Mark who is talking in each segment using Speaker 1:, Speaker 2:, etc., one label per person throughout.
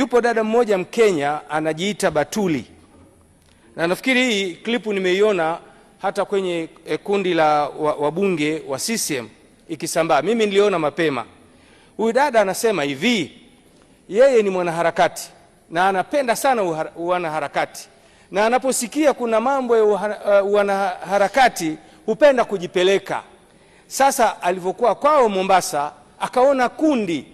Speaker 1: Yupo dada mmoja Mkenya anajiita Batuli, na nafikiri hii klipu nimeiona hata kwenye eh, kundi la wabunge wa CCM ikisambaa, mimi niliona mapema. Huyu dada anasema hivi, yeye ni mwanaharakati na anapenda sana wanaharakati, na anaposikia kuna mambo ya eh, wanaharakati hupenda kujipeleka. Sasa alivyokuwa kwao Mombasa, akaona kundi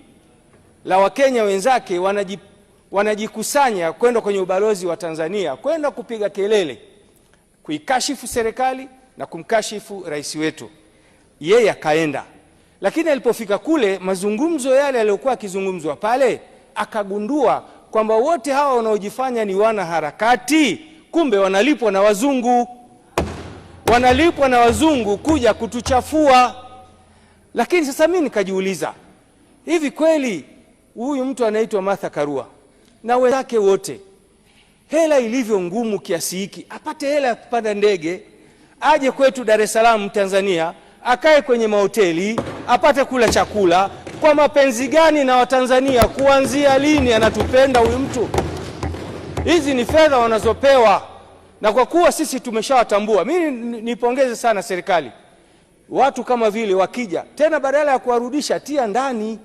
Speaker 1: la Wakenya wenzake wanajipeleka wanajikusanya kwenda kwenye ubalozi wa Tanzania kwenda kupiga kelele kuikashifu serikali na kumkashifu rais wetu. Yeye akaenda, lakini alipofika kule, mazungumzo yale yaliyokuwa akizungumzwa pale, akagundua kwamba wote hawa wanaojifanya ni wana harakati kumbe wanalipwa na wazungu, wanalipwa na wazungu kuja kutuchafua. Lakini sasa mimi nikajiuliza, hivi kweli huyu mtu anaitwa Martha Karua na wenzake wote. Hela ilivyo ngumu kiasi hiki, apate hela ya kupanda ndege aje kwetu Dar es Salaam Tanzania, akae kwenye mahoteli apate kula chakula. Kwa mapenzi gani na Watanzania? Kuanzia lini anatupenda huyu mtu? Hizi ni fedha wanazopewa, na kwa kuwa sisi tumeshawatambua, mimi nipongeze sana serikali. Watu kama vile wakija tena, badala ya kuwarudisha, tia ndani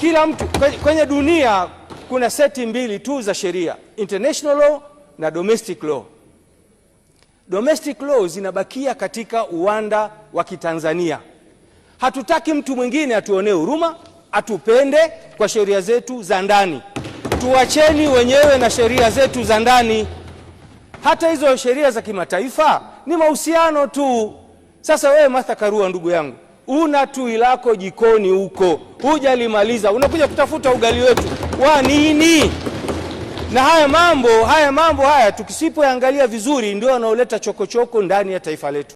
Speaker 1: kila mtu kwenye dunia kuna seti mbili tu za sheria, international law na domestic law. Domestic law zinabakia katika uwanda wa Kitanzania. Hatutaki mtu mwingine atuonee huruma, atupende kwa sheria zetu za ndani. Tuacheni wenyewe na sheria zetu za ndani. Hata hizo sheria za kimataifa ni mahusiano tu. Sasa wewe Martha Karua, ndugu yangu, una tui lako jikoni huko, hujalimaliza, unakuja kutafuta ugali wetu wa nini? Na haya mambo haya mambo haya tukisipoangalia vizuri, ndio wanaoleta chokochoko ndani ya taifa letu.